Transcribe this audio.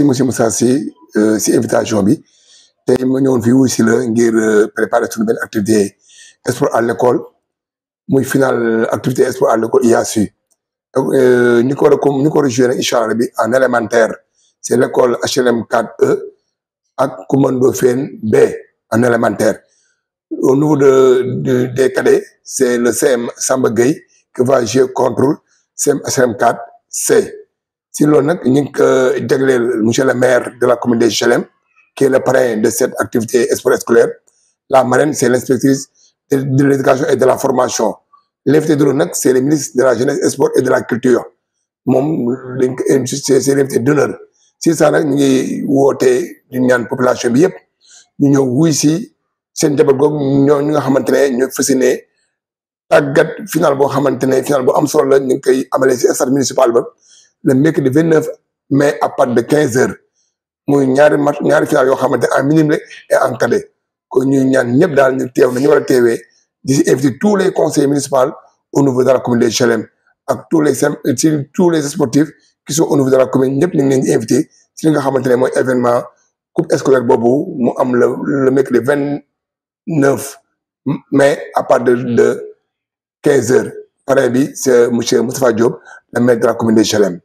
si monsieur Moussa Sy euh, si invitation bi tay ma ñëwoon fi wuy si la ngir euh, préparer une benn activité à l'école muy final activité sport à l'école IASU y ko a comme euh, Nous ko war bi en élémentaire C'est l'école HLM 4E e ak Koumando FEN B en élémentaire au niveau de des cadets c'est le CM Samba Gueye qui va jouer contre CM HLM 4 C si l'on euh, a le maire de la commune de Chalem, qui est le parrain de cette activité espoir scolaire la marraine c'est l'inspectrice de l'éducation et de la formation l'invité de l'ONEC, c'est le ministre de la jeunesse sport et de la culture c'est l'invité si ça nous population nous final Finalement, municipal le mercredi 29 29 mai à partir de 15 heures muy ñaari match ñaari final yo xamante en minimum et encadré. cadet Nous ñuy ñaan dans daal ñu a inviter tous les conseils municipaux au niveau de la commune de Chalem. ak tous les tous les sportifs qui sont au niveau de la commune ñëpp les invités, invité si li nga xamante ne événement coupe scolaire Bobo, mu am le le mercredi 29 mai à partir de 15 heures par bi c'est monsieur Moustapha Diop le maire de la commune de Chalem.